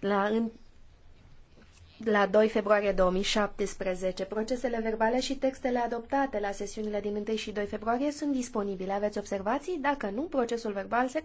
la, în, la 2 februarie 2017. Procesele verbale și textele adoptate la sesiunile din 1 și 2 februarie sunt disponibile. Aveți observații? Dacă nu, procesul verbal se